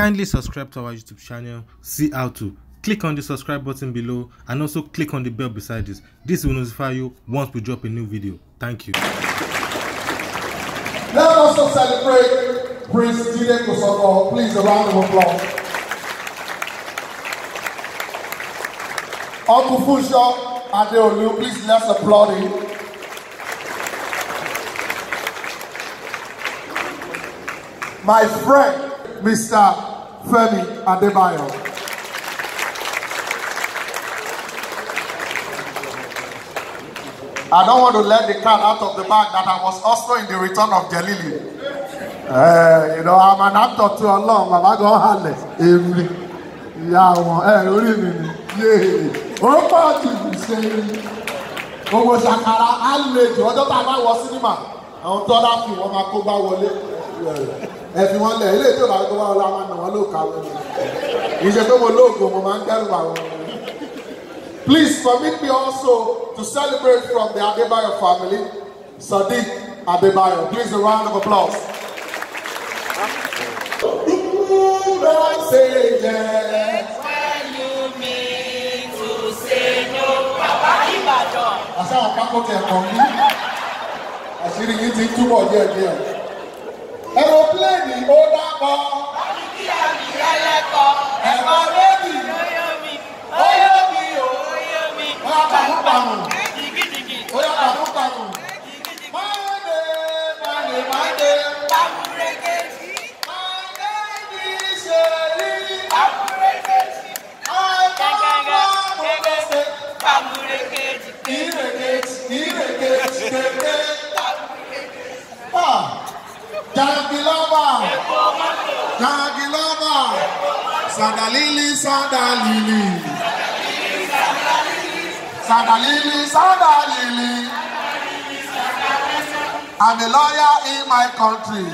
Kindly subscribe to our YouTube channel, see how to. Click on the subscribe button below and also click on the bell beside this. This will notify you once we drop a new video. Thank you. Let us also celebrate Prince Jide Kosoko. Please, a round of applause. Uncle Fusho Adeolu, please let's applaud him. my friend, Mr. Femi Adebayo. I don't want to let the cat out of the bag that I was also in the return of Jalili. Uh, eh, you know, I'm an actor too along. Bàbá gan halẹ̀ èmi. Ìyá wọn ẹ orí mi ni. Yéè. Ó pàdé ìṣe gbogbo ṣàkàrà àlejò ọjọ́ tá a bá wọ sinimá. Àwọn tó dá fi wọn máa kó bá wọlé ẹ fi wọn lẹ eléyìí tó bá tó bá wọlé àwọn àwọn ló kàwé ni ìṣe tó mo lóògùn mo máa ń dẹ́rù àwọn. Please permit me also to celebrate from the Adebayo family, Sadiq Adebayo. Please a round of applause. àṣà àpapọ̀ kẹ̀kọ́ ní àṣírí yìí ti túbọ̀ díẹ̀díẹ̀ ẹ̀rọ̀pléènì ó dákọ̀. wọ́n ti kí àmì rẹ̀ lẹ́kọ̀ọ́. Kagilaba, Sadalili, Sadalili, Sadalili, Sadalili. I'm a lawyer in my country.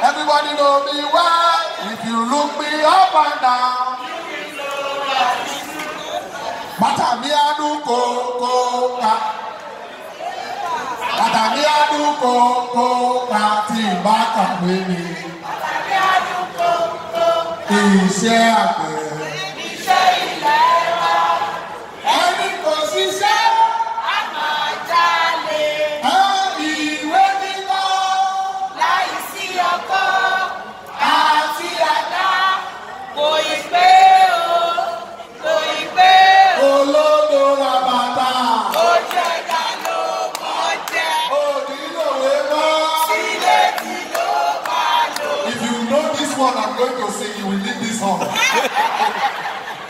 Everybody know me well. If you look me up and down. Bàtà mi adùn kòkó ká. Bàtà mi adùn kòkó ká tí ìbá kàwé mi. iṣẹ́ àgbẹ̀. song.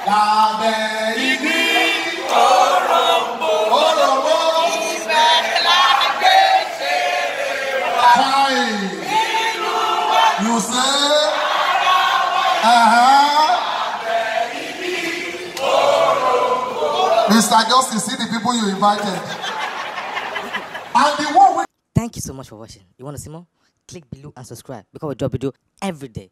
La Beridi Mr. Justin, see the people you invited. Thank you so much for watching. You want to see more? Click below and subscribe because we drop video every day.